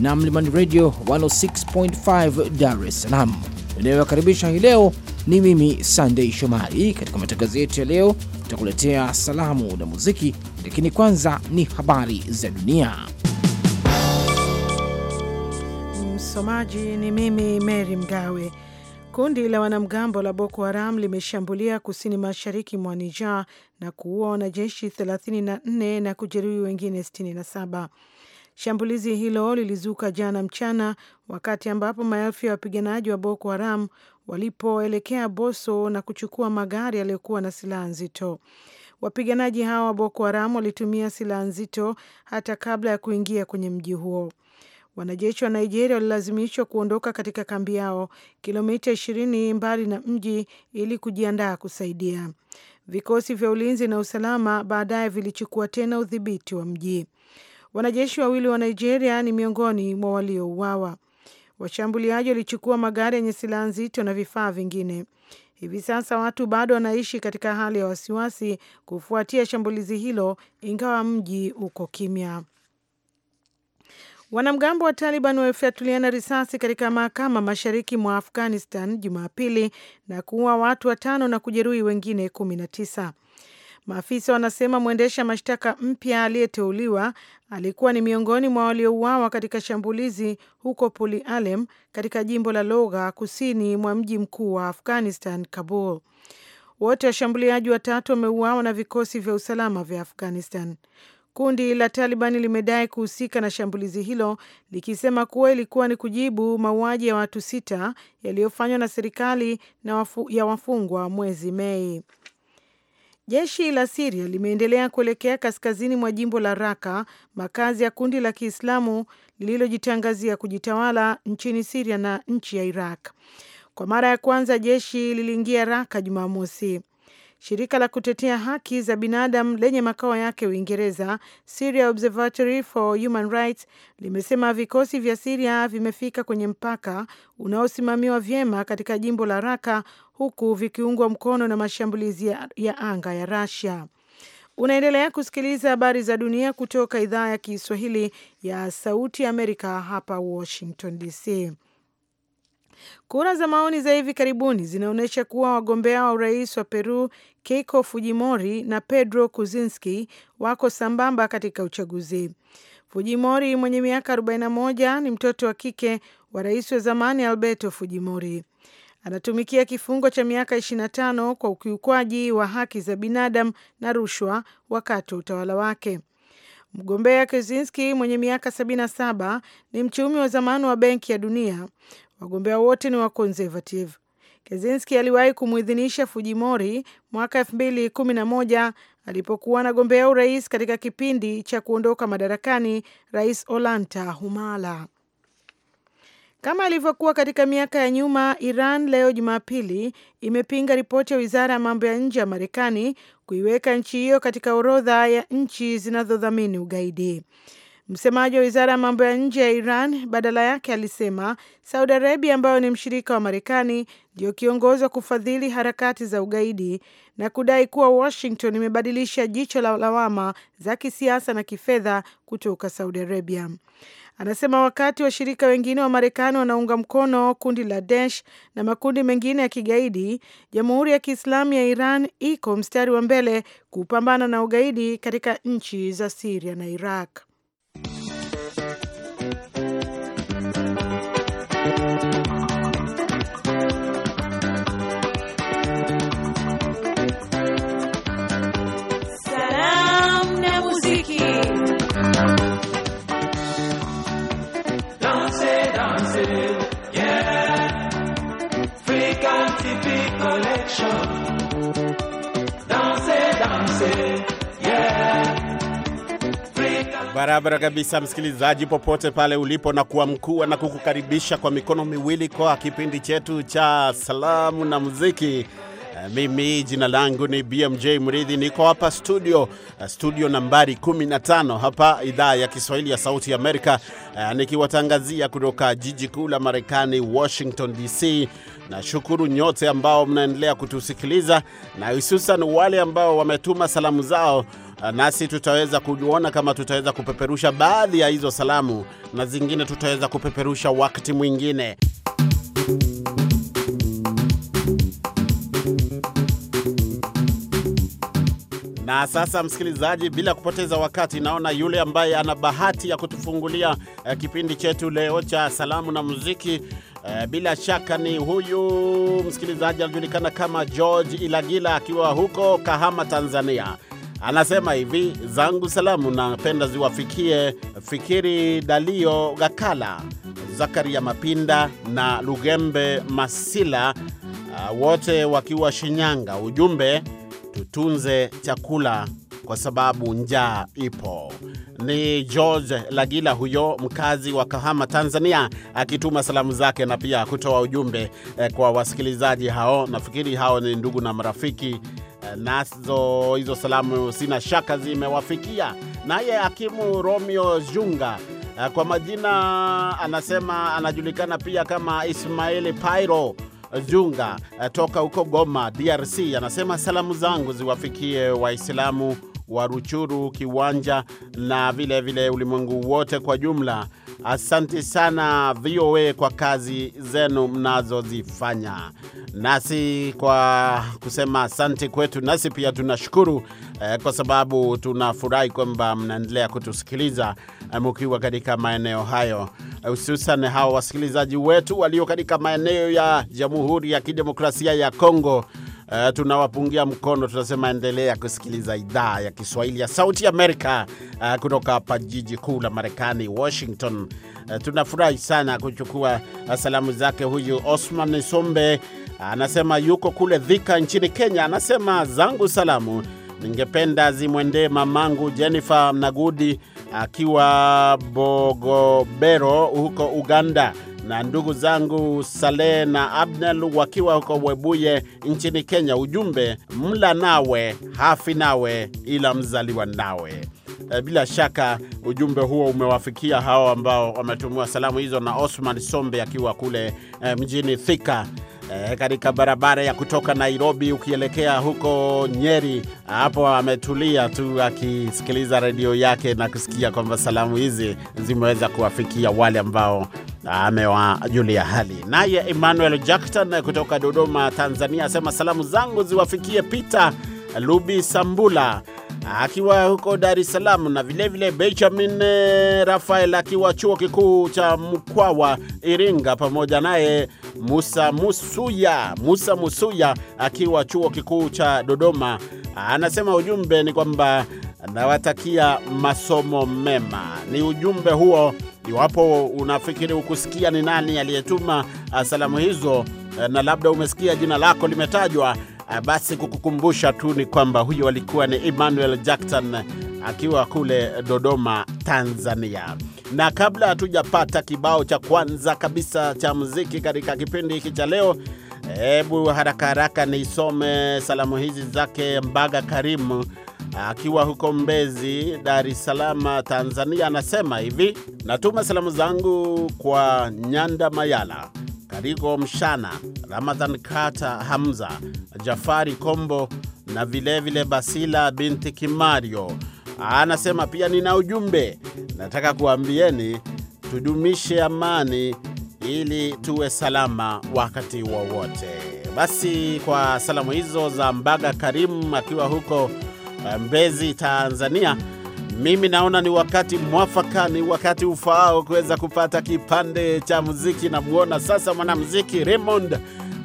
na Mlimani Radio 106.5 Dar es Salaam inayowakaribisha hii leo. Ni mimi Sandei Shomari. Katika matangazo yetu ya leo, tutakuletea salamu na muziki, lakini kwanza ni habari za dunia. Msomaji ni mimi Mary Mgawe. Kundi la wanamgambo la Boko Haram limeshambulia kusini mashariki mwa Niger na kuua wanajeshi 34 na kujeruhi wengine 67. Shambulizi hilo lilizuka jana mchana wakati ambapo maelfu ya wapiganaji wa Boko Haram walipoelekea Boso na kuchukua magari yaliyokuwa na silaha nzito. Wapiganaji hawa wa Boko Haram walitumia silaha nzito hata kabla ya kuingia kwenye mji huo. Wanajeshi wa Nigeria walilazimishwa kuondoka katika kambi yao kilomita ishirini mbali na mji ili kujiandaa kusaidia. Vikosi vya ulinzi na usalama baadaye vilichukua tena udhibiti wa mji. Wanajeshi wawili wa Nigeria ni miongoni mwa waliouawa. Washambuliaji walichukua magari yenye silaha nzito na vifaa vingine. Hivi sasa watu bado wanaishi katika hali ya wasiwasi kufuatia shambulizi hilo, ingawa mji uko kimya. Wanamgambo wa Taliban wamefyatuliana risasi katika mahakama mashariki mwa Afghanistan Jumapili na kuua watu watano na kujeruhi wengine kumi na tisa. Maafisa wanasema mwendesha mashtaka mpya aliyeteuliwa alikuwa ni miongoni mwa waliouawa katika shambulizi huko Puli Alem katika jimbo la logha kusini mwa mji mkuu wa Afghanistan, Kabul. Wote washambuliaji watatu wameuawa na vikosi vya usalama vya Afghanistan. Kundi la Taliban limedai kuhusika na shambulizi hilo likisema kuwa ilikuwa ni kujibu mauaji ya watu sita yaliyofanywa na serikali na wafu, ya wafungwa mwezi Mei. Jeshi la Siria limeendelea kuelekea kaskazini mwa jimbo la Raka, makazi ya kundi la Kiislamu lililojitangazia kujitawala nchini Siria na nchi ya Iraq. Kwa mara ya kwanza jeshi liliingia Raka Jumamosi. Shirika la kutetea haki za binadamu lenye makao yake Uingereza, Syria Observatory for Human Rights, limesema vikosi vya Siria vimefika kwenye mpaka unaosimamiwa vyema katika jimbo la Raka, huku vikiungwa mkono na mashambulizi ya, ya anga ya Rasia. Unaendelea kusikiliza habari za dunia kutoka idhaa ya Kiswahili ya Sauti ya Amerika hapa Washington DC. Kura za maoni za hivi karibuni zinaonyesha kuwa wagombea wa urais wa Peru Keiko Fujimori na Pedro kuzinski wako sambamba katika uchaguzi. Fujimori mwenye miaka 41 ni mtoto wa kike wa rais wa zamani Alberto Fujimori. Anatumikia kifungo cha miaka 25 kwa ukiukwaji wa haki za binadamu na rushwa wakati wa utawala wake. Mgombea kuzinski mwenye miaka 77 ni mchumi wa zamani wa Benki ya Dunia. Wagombea wote ni wa Conservative. aliwahi kumwidhinisha Fujimori mwaka elfu kumi moja alipokuwa anagombea urais katika kipindi cha kuondoka madarakani Rais Olanta Humala. Kama ilivyokuwa katika miaka ya nyuma, Iran leo Jumapili imepinga ripoti ya wizara ya mambo ya nje ya Marekani kuiweka nchi hiyo katika orodha ya nchi zinazodhamini ugaidi. Msemaji wa wizara ya mambo ya nje ya Iran badala yake alisema Saudi Arabia, ambayo ni mshirika wa Marekani, ndio kiongozi wa kufadhili harakati za ugaidi na kudai kuwa Washington imebadilisha jicho la lawama za kisiasa na kifedha kutoka Saudi Arabia. Anasema wakati washirika wengine wa Marekani wanaunga mkono kundi la Daesh na makundi mengine ya kigaidi, Jamhuri ya Kiislamu ya Iran iko mstari wa mbele kupambana na ugaidi katika nchi za Siria na Iraq. Salam na muziki. Barabara kabisa, msikilizaji, popote pale ulipo, na kuamkua na kukukaribisha kwa mikono miwili kwa kipindi chetu cha salamu na muziki. Eh, mimi jina langu ni BMJ Mridhi, niko hapa studio, eh, studio nambari 15 hapa idhaa ya Kiswahili ya Sauti ya Amerika, eh, nikiwatangazia kutoka jiji kuu la Marekani, Washington DC. Nashukuru nyote ambao mnaendelea kutusikiliza na hususan wale ambao wametuma salamu zao Eh, nasi tutaweza kuona kama tutaweza kupeperusha baadhi ya hizo salamu na zingine tutaweza kupeperusha wakati mwingine. Na sasa msikilizaji, bila kupoteza wakati, naona yule ambaye ana bahati ya kutufungulia eh, kipindi chetu leo cha salamu na muziki eh, bila shaka ni huyu msikilizaji anajulikana kama George Ilagila akiwa huko Kahama, Tanzania anasema hivi, zangu salamu napenda ziwafikie Fikiri Dalio Gakala, Zakaria Mapinda na Lugembe Masila, uh, wote wakiwa Shinyanga. Ujumbe, tutunze chakula kwa sababu njaa ipo. Ni George Lagila huyo mkazi wa Kahama, Tanzania, akituma salamu zake na pia kutoa ujumbe eh, kwa wasikilizaji hao. Nafikiri hao ni ndugu na marafiki Eh, nazo hizo salamu sina shaka zimewafikia. Naye akimu Romeo Junga eh, kwa majina anasema anajulikana pia kama Ismaili Pairo Junga eh, toka huko Goma, DRC. Anasema salamu zangu ziwafikie Waislamu wa Ruchuru Kiwanja na vilevile ulimwengu wote kwa jumla. Asante sana VOA kwa kazi zenu mnazozifanya. Nasi kwa kusema asante kwetu, nasi pia tunashukuru eh, kwa sababu tunafurahi kwamba mnaendelea kutusikiliza eh, mkiwa katika maeneo hayo, eh, hususan eh, hawa wasikilizaji wetu walio katika maeneo ya Jamhuri ya Kidemokrasia ya Kongo Uh, tunawapungia mkono, tunasema endelea kusikiliza idhaa ya Kiswahili ya Sauti Amerika, uh, kutoka hapa jiji kuu la Marekani, Washington. Uh, tunafurahi sana kuchukua salamu zake huyu Osman Sombe, anasema yuko kule Dhika nchini Kenya, anasema zangu salamu ningependa zimwendee mamangu Jennifer Mnagudi akiwa Bogobero huko Uganda na ndugu zangu Saleh na Abdel wakiwa huko Webuye nchini Kenya. Ujumbe mla nawe hafi nawe ila mzaliwa nawe. Eh, bila shaka ujumbe huo umewafikia hao ambao wametumiwa salamu hizo na Osman Sombe akiwa kule eh, mjini Thika E, katika barabara ya kutoka Nairobi ukielekea huko Nyeri, hapo ametulia tu akisikiliza redio yake na kusikia kwamba salamu hizi zimeweza kuwafikia wale ambao amewajulia hali. Naye Emmanuel Jackton kutoka Dodoma, Tanzania, asema salamu zangu ziwafikie Peter Lubi Sambula akiwa huko Dar es Salaam na vilevile Benjamin eh, Rafael akiwa chuo kikuu cha Mkwawa Iringa, pamoja naye Musa Musuya, Musa Musuya akiwa chuo kikuu cha Dodoma. Anasema ujumbe ni kwamba nawatakia masomo mema. Ni ujumbe huo Iwapo unafikiri ukusikia ni nani aliyetuma ah, salamu hizo eh, na labda umesikia jina lako limetajwa, ah, basi kukukumbusha tu ni kwamba huyo alikuwa ni Emmanuel Jackson akiwa kule Dodoma, Tanzania. Na kabla hatujapata kibao cha kwanza kabisa cha muziki katika kipindi hiki cha leo, hebu haraka haraka niisome salamu hizi zake Mbaga Karimu akiwa huko Mbezi, Dar es Salaam, Tanzania, anasema hivi: natuma salamu zangu kwa Nyanda Mayala, Kariko Mshana, Ramadhan Kata, Hamza Jafari Kombo na vilevile vile Basila binti Kimario. Anasema pia nina ujumbe, nataka kuambieni tudumishe amani ili tuwe salama wakati wowote. Basi kwa salamu hizo za Mbaga Karimu akiwa huko Mbezi, Tanzania. Mimi naona ni wakati mwafaka, ni wakati ufaao kuweza kupata kipande cha muziki. Namwona sasa mwanamuziki Raymond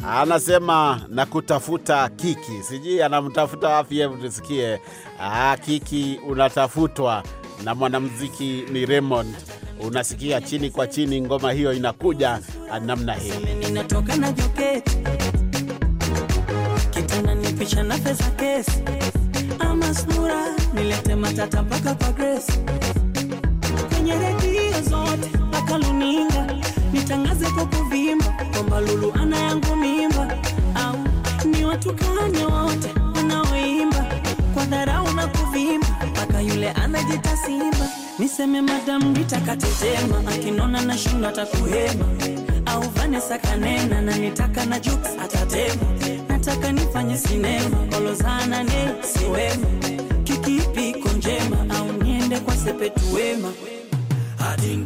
anasema na kutafuta kiki, sijui anamtafuta wapi? Hebu tusikie. Ah, kiki unatafutwa na mwanamuziki ni Raymond. Unasikia chini kwa chini, ngoma hiyo inakuja namna hii Hasnura, nilete matata mpaka kwa Grace, kwenye redio zote mpaka luninga, nitangaze kwa kuvimba kwamba Lulu ana yangu mimba, au ni watukane wote wanaoimba kwa dharau na kuvimba mpaka yule anajita simba, niseme madam nitakatetema, akinona na shindwa atakuhema, au Vanessa kanena na nitaka na jokes atatema nataka nifanye sinema olozana ne siwema kiki njema au niende kwa sepetu wema hadi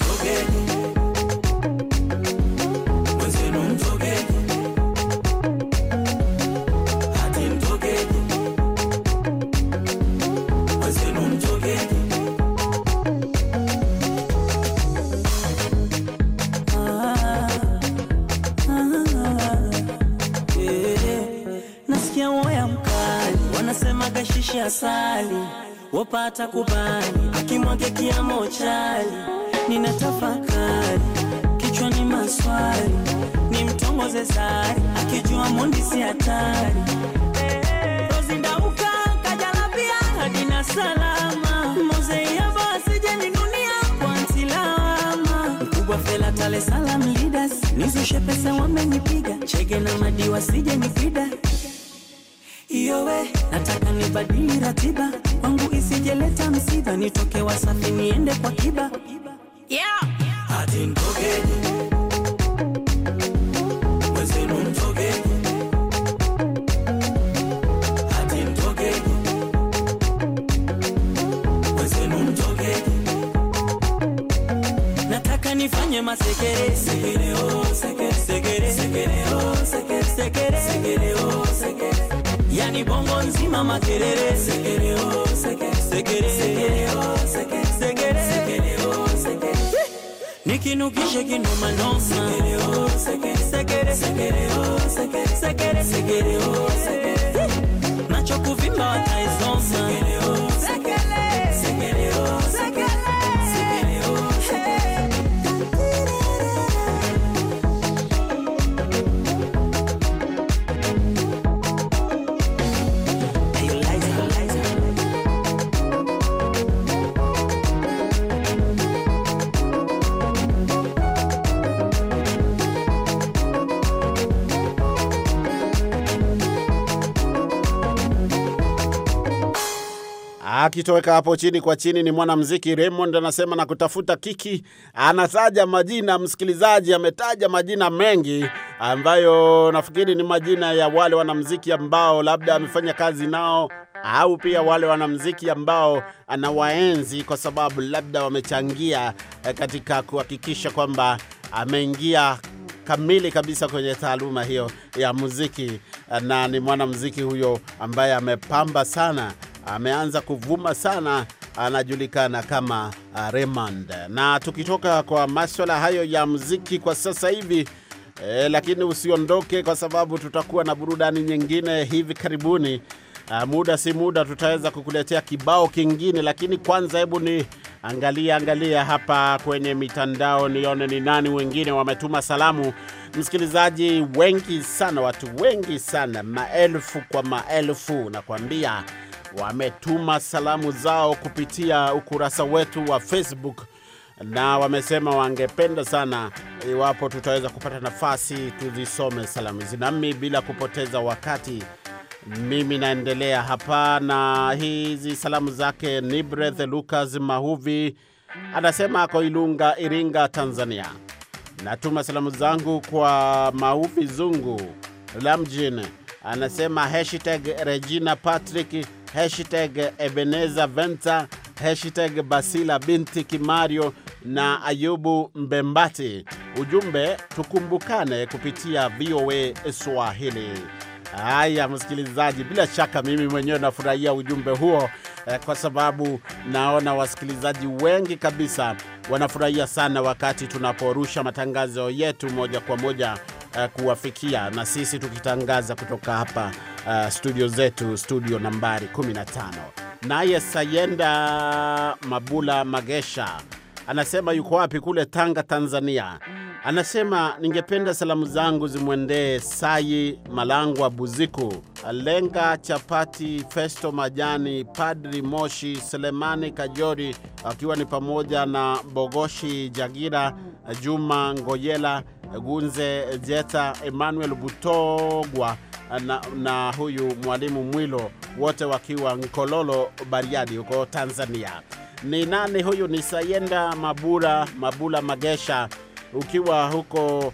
Kisha asali wapata kubali, akimwage kiamo chali, nina tafakari ni maswali, ni mtongoze sari, akijua mundi si hatari, rozi kajalabia hadina salama, mkubwa fela tale salam leaders, nizushepesa pesa wamenipiga, chege na madiwa sije nipida ndio nataka nibadili ratiba kwangu isijeleta msiba nitoke Wasafi niende kwa Kiba nataka nifanye masekere sekere oh sekere sekere oh sekere sekere oh sekere yani bongo nzima makelele sekere oh, sekere sekere sekere oh, sekere sekere sekere oh, sekere nikinukishe kinoma ndonsa sekere oh, sekere sekere sekere oh, sekere sekere sekere oh, sekere nacho kuvimba wataizonsa sekere oh, Akitoweka hapo chini kwa chini, ni mwanamziki Raymond anasema na kutafuta kiki, anataja majina, msikilizaji ametaja majina mengi ambayo nafikiri ni majina ya wale wanamziki ambao labda amefanya kazi nao au pia wale wanamziki ambao anawaenzi kwa sababu labda wamechangia eh, katika kuhakikisha kwamba ameingia kamili kabisa kwenye taaluma hiyo ya muziki, na ni mwanamziki huyo ambaye amepamba sana ameanza kuvuma sana, anajulikana kama uh, Raymond. Na tukitoka kwa maswala hayo ya muziki kwa sasa hivi e, lakini usiondoke kwa sababu tutakuwa na burudani nyingine hivi karibuni. A, uh, muda si muda tutaweza kukuletea kibao kingine, lakini kwanza, hebu ni angalia angalia hapa kwenye mitandao nione ni nani wengine wametuma salamu. Msikilizaji wengi sana, watu wengi sana, maelfu kwa maelfu, nakwambia wametuma salamu zao kupitia ukurasa wetu wa Facebook na wamesema wangependa sana iwapo tutaweza kupata nafasi tuzisome salamu hizi. Nami bila kupoteza wakati, mimi naendelea hapa na hizi salamu zake. Nibreth Lucas Mahuvi anasema ako Ilunga, Iringa, Tanzania. Natuma salamu zangu kwa Mahuvi Zungu Lamjin, anasema hashtag Regina Patrick hashtag Ebeneza Venta, hashtag Basila binti Kimario na Ayubu Mbembati. Ujumbe tukumbukane kupitia VOA Swahili. Haya msikilizaji, bila shaka mimi mwenyewe nafurahia ujumbe huo eh, kwa sababu naona wasikilizaji wengi kabisa wanafurahia sana wakati tunaporusha matangazo yetu moja kwa moja uh, kuwafikia na sisi tukitangaza kutoka hapa uh, studio zetu, studio nambari 15. Naye Sayenda Mabula Magesha anasema yuko wapi kule Tanga, Tanzania. Mm. Anasema ningependa salamu zangu zimwendee Sayi Malangwa, Buziku Lenga, Chapati Festo, Majani, Padri Moshi, Selemani Kajori, akiwa ni pamoja na Bogoshi Jagira, Juma Ngoyela Gunze Jeta, Emmanuel Butogwa na, na huyu Mwalimu Mwilo, wote wakiwa Nkololo, Bariadi huko Tanzania. Ni nani huyu? Ni Sayenda Mabula, Mabula Magesha, ukiwa huko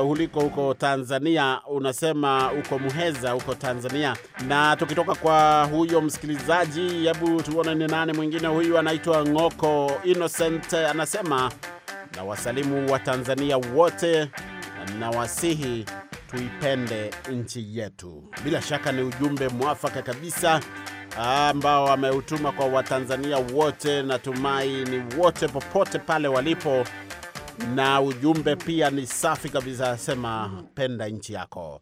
Uh, uliko huko Tanzania unasema uko Muheza huko Tanzania. Na tukitoka kwa huyo msikilizaji, hebu tuone ni nani mwingine huyu. Anaitwa Ng'oko Innocent, anasema na wasalimu wa Tanzania wote na wasihi tuipende nchi yetu. Bila shaka ni ujumbe mwafaka kabisa ah, ambao ameutuma kwa Watanzania wote, natumai ni wote popote pale walipo, na ujumbe pia ni safi kabisa, asema penda nchi yako.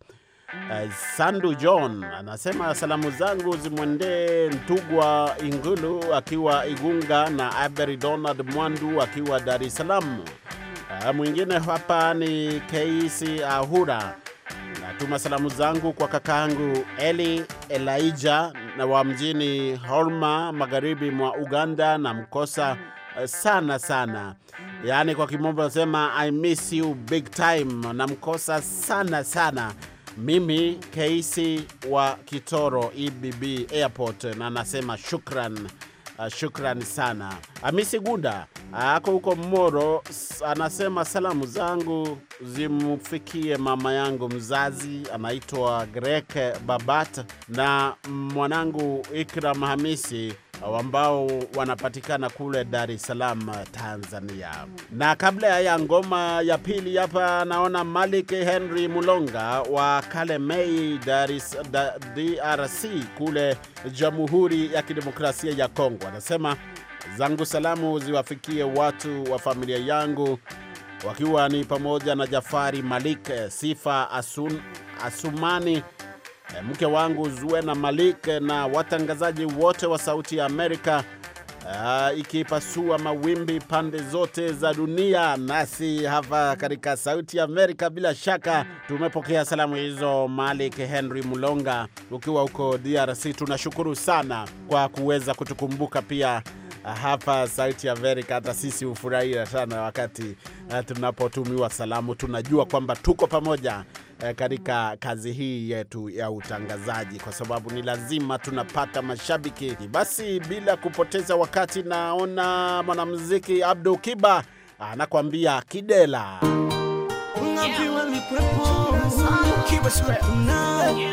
Uh, Sandu John anasema salamu zangu zimwendee ntugwa Ingulu akiwa Igunga na Abery Donald Mwandu akiwa Dar es Salaam. Uh, mwingine hapa ni Keisi Ahura. Natuma salamu zangu kwa kakaangu Eli elaija na wa mjini Horma magharibi mwa Uganda na mkosa eh, sana sana, yaani kwa kimombo nasema I miss you big time, namkosa sana sana mimi KC wa Kitoro EBB Airport, na nasema shukran, uh, shukran sana. Hamisi gunda uh, ako huko Moro anasema salamu zangu zimfikie mama yangu mzazi anaitwa Grek Babat na mwanangu Ikram Hamisi ambao wanapatikana kule Dar es Salaam, Tanzania. Na kabla ya ngoma ya pili hapa, naona Malik Henry Mulonga wa Kalemei, DRC, kule Jamhuri ya Kidemokrasia ya Kongo, anasema zangu salamu ziwafikie watu wa familia yangu wakiwa ni pamoja na Jafari Malik, Sifa Asun, Asumani E, mke wangu Zuena Malik na watangazaji wote wa Sauti ya Amerika, uh, ikipasua mawimbi pande zote za dunia. Nasi hapa katika Sauti ya Amerika bila shaka tumepokea salamu hizo. Malik Henry Mulonga, ukiwa huko DRC, tunashukuru sana kwa kuweza kutukumbuka pia e, hapa Sauti ya Amerika. Hata sisi hufurahia sana wakati tunapotumiwa salamu, tunajua kwamba tuko pamoja eh, katika kazi hii yetu ya utangazaji, kwa sababu ni lazima tunapata mashabiki. Basi bila kupoteza wakati, naona mwanamuziki abdu Kiba anakuambia Kidela yeah.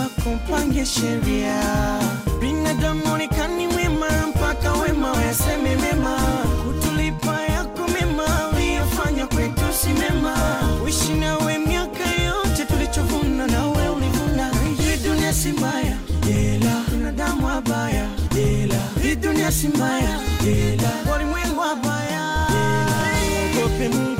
wakupange sheria. Binadamu onekani mwema mpaka wema wayaseme mema, kutulipa yako mema uliyofanya kwetu si mema. Uishi nawe miaka yote, tulichovuna nawe ulivuna. Hii dunia si mbaya, ila binadamu wabaya, ila hii dunia si mbaya, ila walimwengu wabaya. Ogope Mungu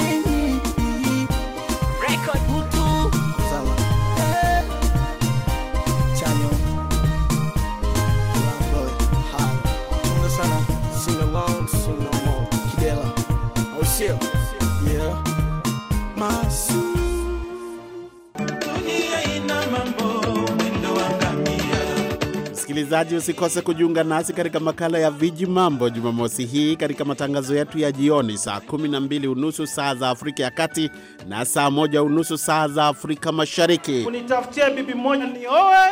morning. msikilizaji, usikose kujiunga nasi katika makala ya Viji Mambo Jumamosi hii katika matangazo yetu ya jioni saa 12 unusu saa za Afrika ya Kati na saa moja unusu saa za Afrika Mashariki. Unitafutie bibi moja nioe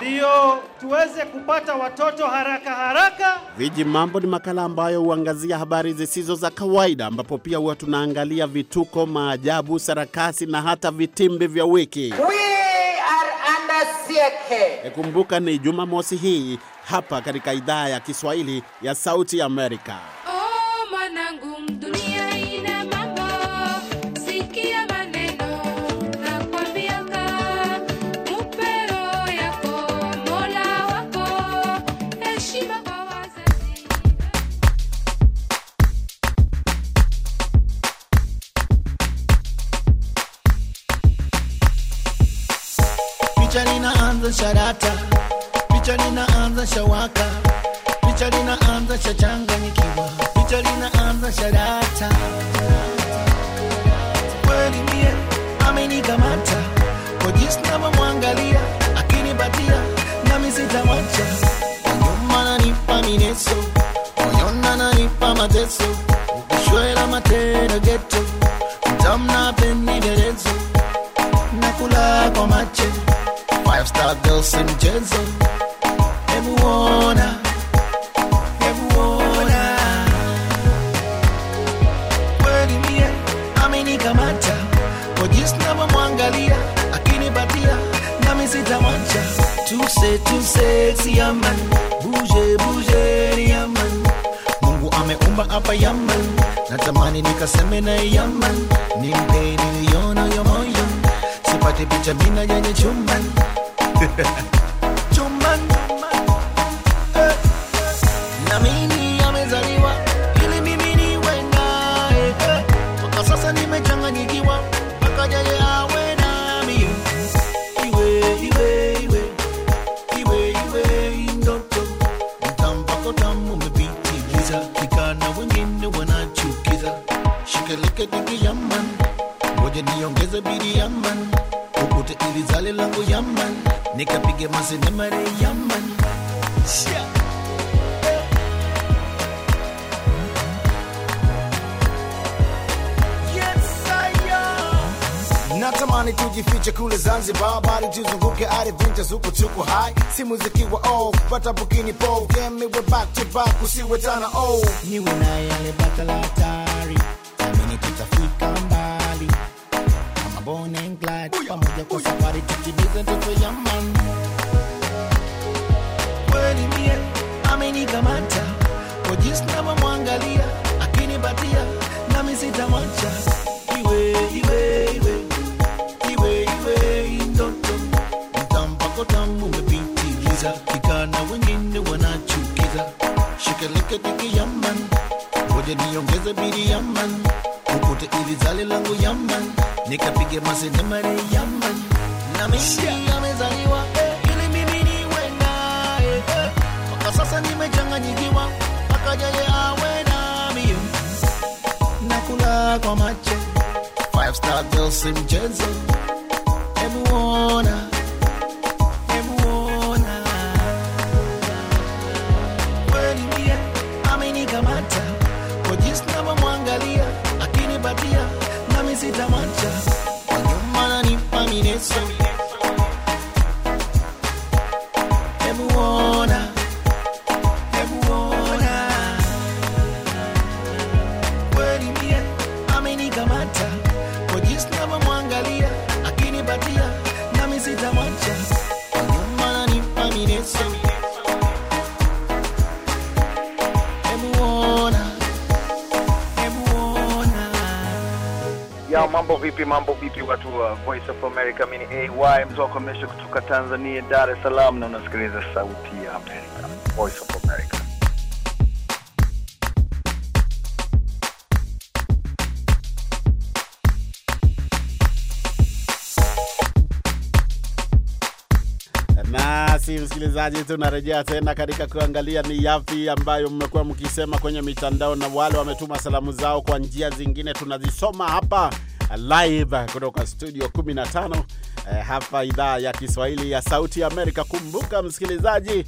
ndiyo tuweze kupata watoto haraka haraka. Viji Mambo ni makala ambayo huangazia habari zisizo za kawaida, ambapo pia huwa tunaangalia vituko, maajabu, sarakasi na hata vitimbi vya wiki Wee! yake. Kumbuka ni Jumamosi hii hapa katika idhaa ya Kiswahili ya Sauti Amerika. Oh, dunia charata, picha linaanza shawaka, picha linaanza shachanganyikiwa, picha linaanza sharata hapa Yaman, natamani nikaseme na Yaman, nimpe niliyonayo yomoyo, sipate picha mina yenye chumba zale langu yaman, nikapige masenemare yaman yeah. Natamani tujifiche kule Zanzibar, bali tuzunguke adventures huko, tuko high, si muziki wa old pata bukini po game me we back to back, usiwe tana oh, niwe na yale batala la hatari, amini tutafika mbali Bone and glad pamoja kwa safari to ndoto ya man kweli mie amenikamata kwa jinsi navyomwangalia akinipatia nami sitamwacha iwe iwe iwe iwe iwe ndoto mtampako tamu umepitiliza kikana wengine me shikeleke tiki yaman ngoja niongeze bili yaman in the zale langu yaman nikapige mare Mariamu na mimi amezaliwa eh, ili mimi niwe naye eh. mpaka sasa nimechanganyikiwa akaja yeye awe nami nakula kwa macho five star girls mchezo emuona ya mambo vipi, mambo vipi watu wa Voice of America, mini ni AY mzoko kutoka Tanzania, Dar es Salaam, na unasikiliza sauti ya America, Voice of America. basi msikilizaji, tunarejea tena katika kuangalia ni yapi ambayo mmekuwa mkisema kwenye mitandao, na wale wametuma salamu zao kwa njia zingine tunazisoma hapa live kutoka studio 15 eh, hapa idhaa ya Kiswahili ya Sauti ya Amerika. Kumbuka msikilizaji,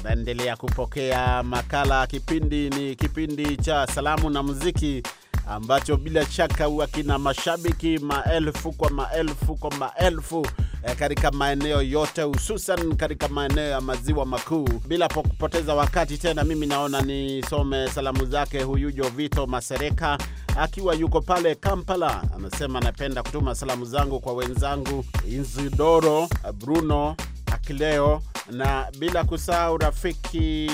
unaendelea kupokea makala. Kipindi ni kipindi cha salamu na muziki ambacho bila shaka huwa kina mashabiki maelfu kwa maelfu kwa maelfu eh, katika maeneo yote, hususan katika maeneo ya maziwa makuu. Bila kupoteza wakati tena, mimi naona nisome salamu zake huyu Jovito Masereka akiwa yuko pale Kampala, anasema anapenda kutuma salamu zangu kwa wenzangu Inzidoro, Bruno Akileo na bila kusahau rafiki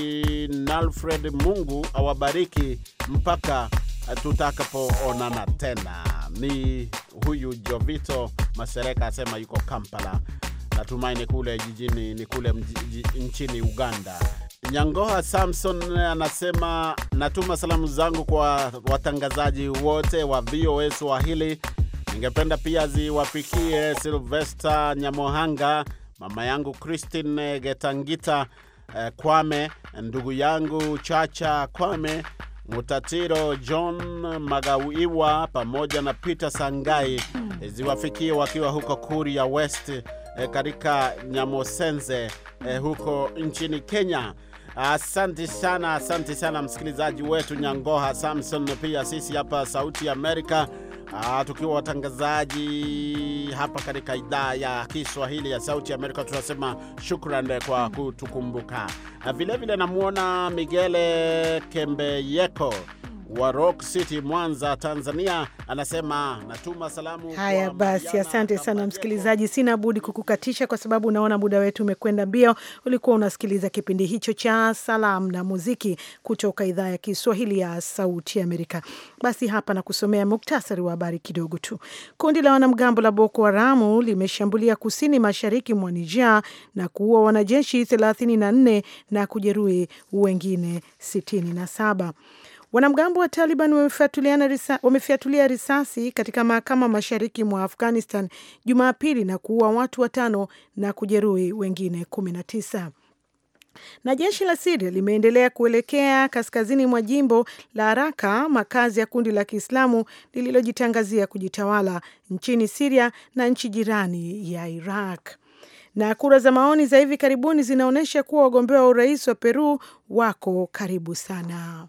Nalfred. Mungu awabariki mpaka tutakapoonana tena. Ni huyu Jovito Masereka asema yuko Kampala, natumai ni kule jijini, ni kule nchini Uganda. Nyangoha Samson anasema natuma salamu zangu kwa watangazaji wote wa VOA Swahili. Ningependa pia ziwafikie Silvester Nyamohanga, mama yangu Christine Getangita, eh, Kwame, ndugu yangu Chacha Kwame Mutatiro John magawiwa pamoja na Peter Sangai ziwafikie wakiwa huko Kuria West eh, katika Nyamosenze eh, huko nchini Kenya. Asante sana, asante sana msikilizaji wetu Nyangoha Samson. Pia sisi hapa Sauti Amerika Ah, tukiwa watangazaji hapa katika idhaa ya Kiswahili ya Sauti ya Amerika, tunasema shukran kwa kutukumbuka. Vilevile ah, namwona Migele Kembeyeko wa Rock City, Mwanza, Tanzania, anasema natuma salamu. Haya basi, asante sana msikilizaji, sina budi kukukatisha kwa sababu naona muda wetu umekwenda mbio. Ulikuwa unasikiliza kipindi hicho cha salamu na muziki kutoka idhaa ya Kiswahili ya Sauti Amerika. Basi hapa na kusomea muktasari wa habari kidogo tu. Kundi la wanamgambo la Boko Haramu limeshambulia kusini mashariki mwa Nija na kuua wanajeshi 34 na kujeruhi wengine 67. Wanamgambo wa Taliban wamefiatulia risasi katika mahakama mashariki mwa Afghanistan Jumapili na kuua watu watano na kujeruhi wengine kumi na tisa na jeshi la Siria limeendelea kuelekea kaskazini mwa jimbo la Raka, makazi ya kundi la Kiislamu lililojitangazia kujitawala nchini Siria na nchi jirani ya Iraq. Na kura za maoni za hivi karibuni zinaonyesha kuwa wagombea wa urais wa Peru wako karibu sana.